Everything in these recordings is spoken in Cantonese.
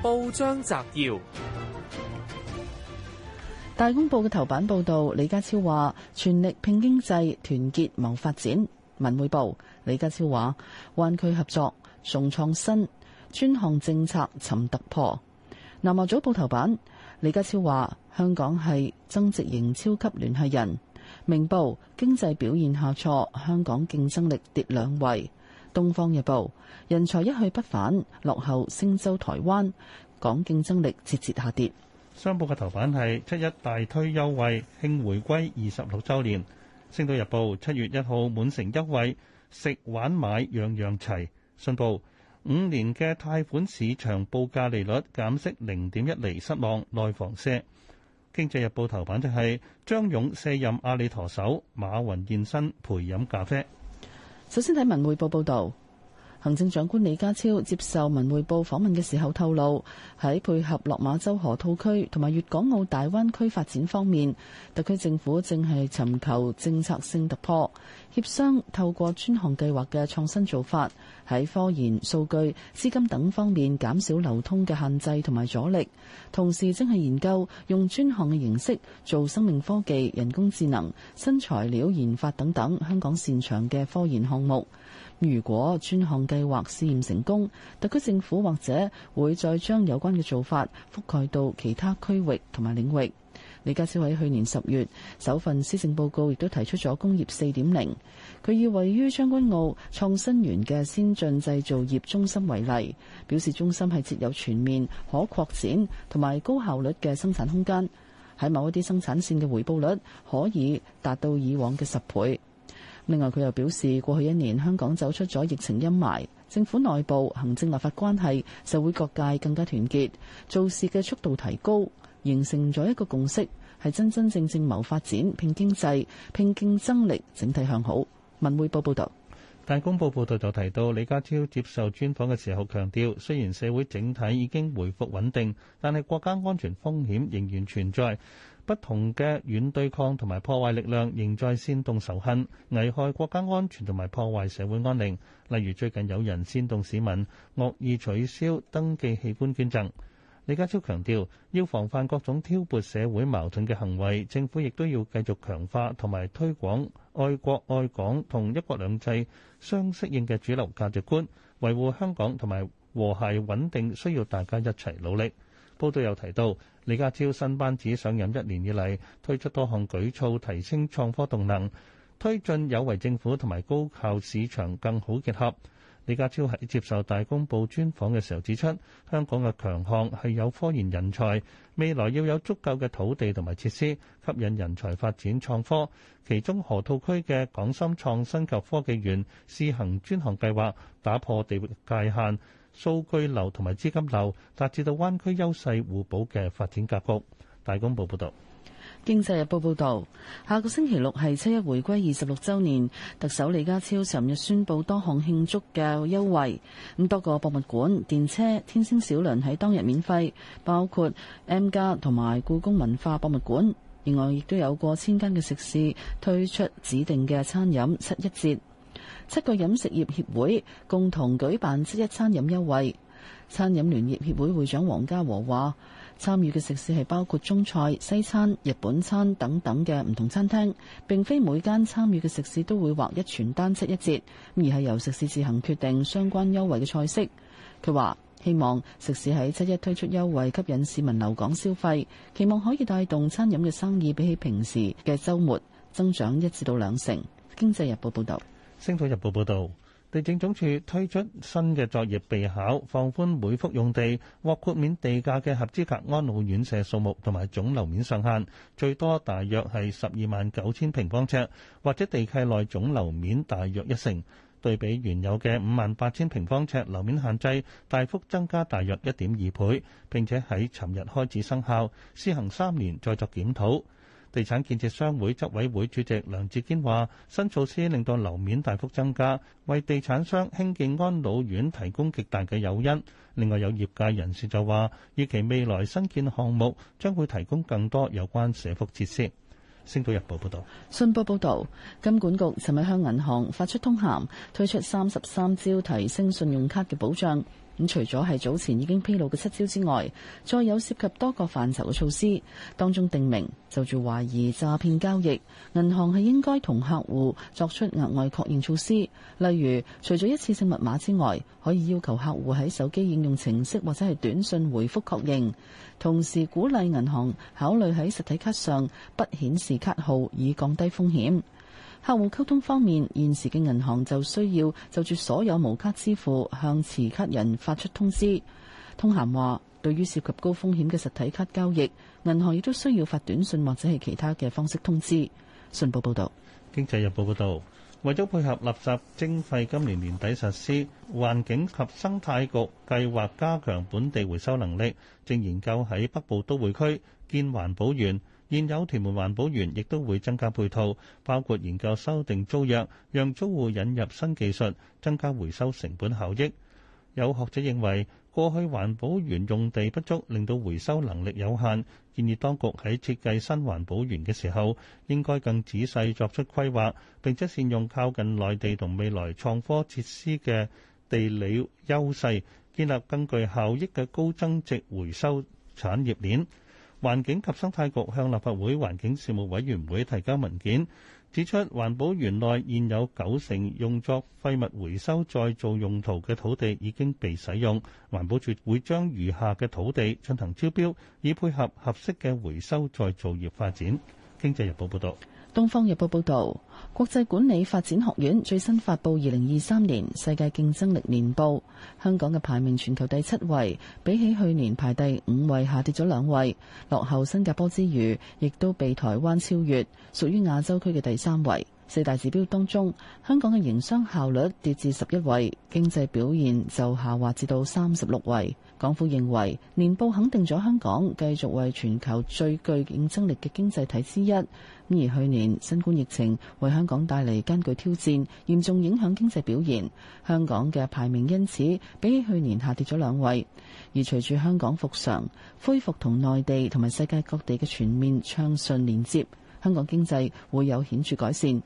報章摘要：大公報嘅頭版報道，李家超話全力拼經濟，團結謀發展。文匯報，李家超話灣區合作，重創新，專項政策尋突破。南華早報頭版，李家超話香港係增值型超級聯繫人。明報，經濟表現下挫，香港競爭力跌兩位。《東方日報》人才一去不返，落後星洲台灣，港競爭力節節下跌。商報嘅頭版係七一大推優惠，慶回歸二十六周年。《星島日報》七月一號滿城優惠，食玩買樣樣齊。信報五年嘅貸款市場報價利率減息零點一厘，失望內房社。《經濟日報》頭版就係張勇卸任阿里舵手，馬雲現身陪飲咖啡。首先睇文匯報報道。行政長官李家超接受文匯報訪問嘅時候透露，喺配合落馬洲河套區同埋粵港澳大灣區發展方面，特區政府正係尋求政策性突破，協商透過專項計劃嘅創新做法，喺科研、數據、資金等方面減少流通嘅限制同埋阻力，同時正係研究用專項嘅形式做生命科技、人工智能、新材料研發等等香港擅長嘅科研項目。如果專項計劃試驗成功，特區政府或者會再將有關嘅做法覆蓋到其他區域同埋領域。李家超喺去年十月首份施政報告亦都提出咗工業4.0，佢以位於將軍澳創新園嘅先進製造業中心為例，表示中心係設有全面、可擴展同埋高效率嘅生產空間，喺某一啲生產線嘅回報率可以達到以往嘅十倍。另外，佢又表示，過去一年香港走出咗疫情陰霾，政府內部、行政立法關係、社會各界更加團結，做事嘅速度提高，形成咗一個共識，係真真正正謀發展、拼經濟、拼競爭力，整體向好。文匯報報道，大公報報道就提到，李家超接受專訪嘅時候強調，雖然社會整體已經回復穩定，但係國家安全風險仍然存在。不同嘅軟對抗同埋破壞力量仍在煽動仇恨、危害國家安全同埋破壞社會安寧。例如最近有人煽動市民惡意取消登記器官捐贈。李家超強調，要防範各種挑撥社會矛盾嘅行為，政府亦都要繼續強化同埋推廣愛國愛港同一國兩制相適應嘅主流價值觀，維護香港同埋和諧穩定，需要大家一齊努力。報道有提到，李家超新班子上任一年以嚟，推出多項舉措，提升創科動能，推進有為政府同埋高效市場更好結合。李家超喺接受大公報專訪嘅時候指出，香港嘅強項係有科研人才，未來要有足夠嘅土地同埋設施吸引人才發展創科。其中，河套區嘅港深創新及科技園試行專項計劃，打破地域界限，數據流同埋資金流，達至到灣區優勢互補嘅發展格局。大公報報道。經濟日報報道，下個星期六係七一回歸二十六周年，特首李家超尋日宣布多項慶祝嘅優惠。咁多個博物館、電車、天星小輪喺當日免費，包括 M 家同埋故宮文化博物館。另外亦都有過千間嘅食肆推出指定嘅餐飲七一折。七個飲食業協會共同舉辦七一餐飲優惠。餐飲聯業協會,會會長黃家和話。參與嘅食肆係包括中菜、西餐、日本餐等等嘅唔同餐廳。並非每間參與嘅食肆都會劃一全單七一折，而係由食肆自行決定相關優惠嘅菜式。佢話希望食肆喺七一推出優惠，吸引市民留港消費，期望可以帶動餐飲嘅生意，比起平時嘅週末增長一至到兩成。經濟日報報道。《星島日報》報道。地政總署推出新嘅作業備考，放寬每幅用地獲豁免地價嘅合資格安老院舍數目同埋總樓面上限，最多大約係十二萬九千平方尺，或者地契內總樓面大約一成。對比原有嘅五萬八千平方尺樓面限制，大幅增加大約一點二倍，並且喺尋日開始生效，施行三年再作檢討。地產建設商會執委會主席梁志堅話，新措施令到樓面大幅增加，為地產商興建安老院提供極大嘅誘因。另外有業界人士就話，預期未來新建項目將會提供更多有關社福設施。星島日報報道，信報報道，金管局尋日向銀行發出通函，推出三十三招提升信用卡嘅保障。咁除咗係早前已經披露嘅七招之外，再有涉及多個範疇嘅措施，當中定明就住懷疑詐騙交易，銀行係應該同客戶作出額外確認措施，例如除咗一次性密碼之外，可以要求客戶喺手機應用程式或者係短信回覆確認，同時鼓勵銀行考慮喺實體卡上不顯示卡號，以降低風險。客戶溝通方面，現時嘅銀行就需要就住所有無卡支付向持卡人發出通知。通函話，對於涉及高風險嘅實體卡交易，銀行亦都需要發短信或者係其他嘅方式通知。信報報導，《經濟日報》報導，為咗配合垃圾徵費今年年底實施，環境及生態局計劃加強本地回收能力，正研究喺北部都會區建環保園。現有屯門環保園亦都會增加配套，包括研究修訂租約，讓租戶引入新技術，增加回收成本效益。有學者認為，過去環保園用地不足，令到回收能力有限，建議當局喺設計新環保園嘅時候，應該更仔細作出規劃，並且善用靠近內地同未來創科設施嘅地理優勢，建立更具效益嘅高增值回收產業鏈。環境及生態局向立法會環境事務委員會提交文件，指出環保園內現有九成用作廢物回收再造用途嘅土地已經被使用，環保署會將餘下嘅土地進行招標，以配合合適嘅回收再造業發展。經濟日報報道。東方日報報道，國際管理發展學院最新發佈二零二三年世界競爭力年報，香港嘅排名全球第七位，比起去年排第五位下跌咗兩位，落後新加坡之餘，亦都被台灣超越，屬於亞洲區嘅第三位。四大指標當中，香港嘅營商效率跌至十一位，經濟表現就下滑至到三十六位。港府認為，年報肯定咗香港繼續為全球最具競爭力嘅經濟體之一。而去年新冠疫情為香港帶嚟艱巨挑戰，嚴重影響經濟表現，香港嘅排名因此比起去年下跌咗兩位。而隨住香港復常、恢復同內地同埋世界各地嘅全面暢順連接，香港經濟會有顯著改善。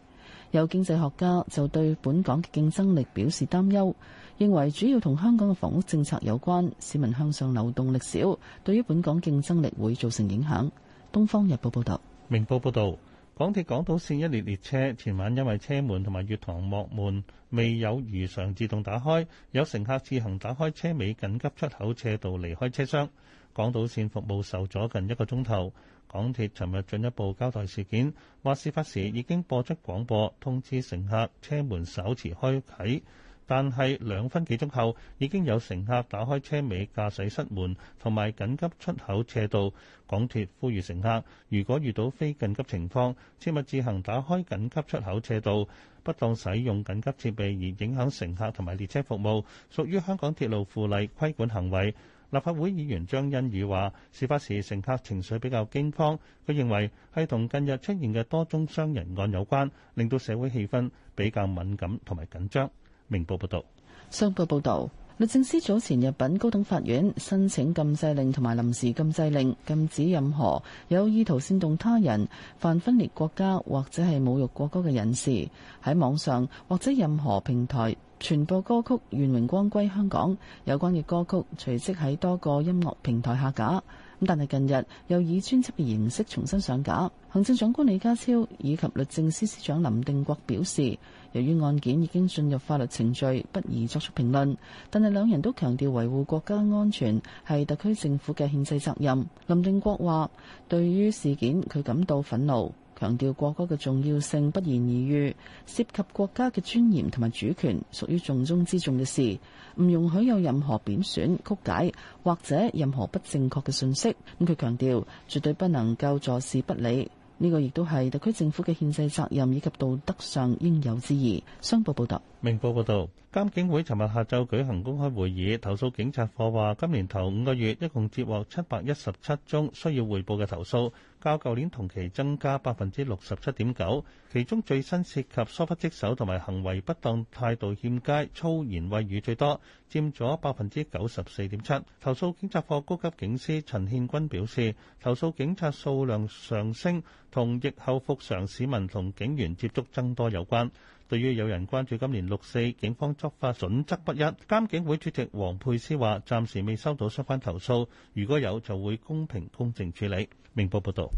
有經濟學家就對本港嘅競爭力表示擔憂，認為主要同香港嘅房屋政策有關，市民向上流動力少，對於本港競爭力會造成影響。《東方日報》報道，《明報》報道。港鐵港島線一列列車前晚因為車門同埋月臺幕門未有如常自動打開，有乘客自行打開車尾緊急出口斜道離開車廂。港島線服務受阻近一個鐘頭。港鐵尋日進一步交代事件，話事發時已經播出廣播通知乘客車門稍遲開啓。但係兩分幾鐘後已經有乘客打開車尾駕駛室門同埋緊急出口斜道。港鐵呼籲乘客如果遇到非緊急情況，切勿自行打開緊急出口斜道，不當使用緊急設備而影響乘客同埋列車服務，屬於香港鐵路附例規管行為。立法會議員張欣宇話：事發時乘客情緒比較驚慌，佢認為係同近日出現嘅多宗傷人案有關，令到社會氣氛比較敏感同埋緊張。明報報道，商報報道，律政司早前入禀高等法院，申請禁制令同埋臨時禁制令，禁止任何有意圖煽動他人、犯分裂國家或者係侮辱國歌嘅人士喺網上或者任何平台傳播歌曲《願榮光歸香港》有關嘅歌曲，隨即喺多個音樂平台下架。咁但係近日又以專輯嘅形式重新上架。行政長官李家超以及律政司司長林定國表示，由於案件已經進入法律程序，不宜作出評論。但係兩人都強調維護國家安全係特區政府嘅憲制責任。林定國話，對於事件，佢感到憤怒。強調國歌嘅重要性不言而喻，涉及國家嘅尊嚴同埋主權，屬於重中之重嘅事，唔容許有任何貶損、曲解或者任何不正確嘅信息。咁佢強調，絕對不能夠坐視不理。呢個亦都係特區政府嘅憲制責任以及道德上應有之義。商報報道，明報報道，監警會尋日下晝舉行公開會議，投訴警察課話，今年頭五個月一共接獲七百一十七宗需要匯報嘅投訴。較舊年同期增加百分之六十七點九，其中最新涉及疏忽職守同埋行為不當、態度欠佳、粗言穢語最多，佔咗百分之九十四點七。投訴警察課高級警司陳憲君表示，投訴警察數量上升，同疫後復常市民同警員接觸增多有關。對於有人關注今年六四警方執法準則不一，監警會主席黃佩斯話：暫時未收到相關投訴，如果有就會公平公正處理。明報報道：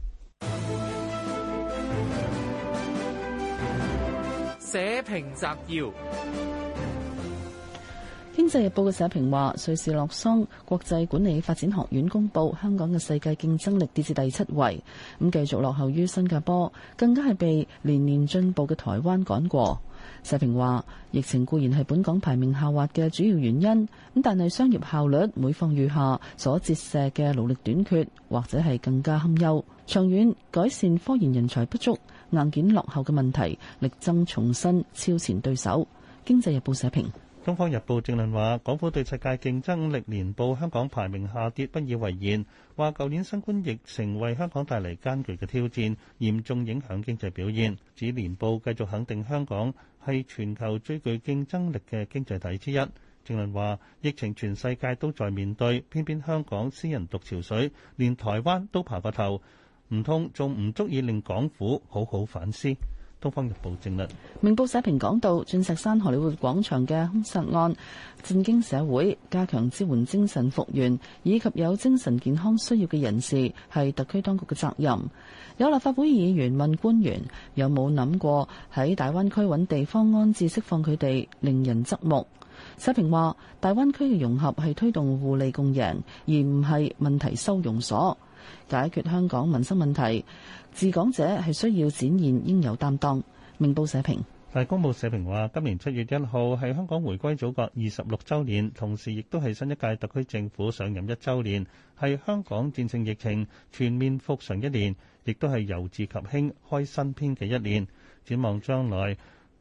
社評摘要。《經濟日報》嘅社評話，瑞士洛桑國際管理發展學院公佈香港嘅世界競爭力跌至第七位，咁繼續落後於新加坡，更加係被年年進步嘅台灣趕過。社評話，疫情固然係本港排名下滑嘅主要原因，咁但係商業效率每況愈下，所折射嘅勞力短缺或者係更加堪憂。長遠改善科研人才不足、硬件落後嘅問題，力爭重新超前對手。《經濟日報》社評。《東方日報》正論話，港府對世界競爭力年報香港排名下跌不以為然，話舊年新冠疫情為香港帶嚟艱巨嘅挑戰，嚴重影響經濟表現。指年報繼續肯定香港係全球最具競爭力嘅經濟體之一。正論話，疫情全世界都在面對，偏偏香港私人獨潮水，連台灣都爬過頭，唔通仲唔足以令港府好好反思？多方嘅保證率。明報社評講到，鑽石山荷里活廣場嘅凶殺案震驚社會，加強支援精神復原以及有精神健康需要嘅人士，係特區當局嘅責任。有立法會議員問官員有冇諗過喺大灣區揾地方安置釋放佢哋，令人側目。社評話，大灣區嘅融合係推動互利共贏，而唔係問題收容所。解決香港民生問題，治港者係需要展現應有擔當。明報社評，大公報社評話，今年七月一號係香港回歸祖國二十六週年，同時亦都係新一屆特區政府上任一週年，係香港戰勝疫情、全面復常一年，亦都係由治及興開新篇嘅一年。展望將來。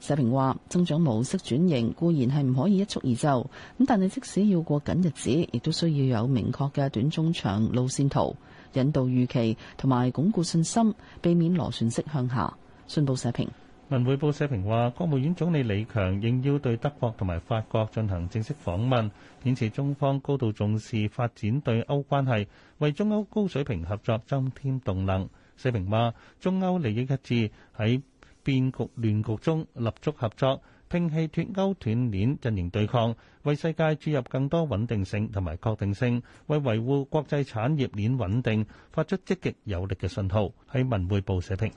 社評話增長模式轉型固然係唔可以一蹴而就，咁但係即使要過緊日子，亦都需要有明確嘅短中長路線圖，引導預期同埋鞏固信心，避免螺旋式向下。信報社評，文匯報社評話，國務院總理李強應邀對德國同埋法國進行正式訪問，顯示中方高度重視發展對歐關係，為中歐高水平合作增添動能。社評話，中歐利益一致喺，變局亂局中，立足合作，摒棄脫鈎斷鏈、陣營對抗，為世界注入更多穩定性同埋確定性，為維護國際產業鏈穩定發出積極有力嘅信號。喺文匯報社評。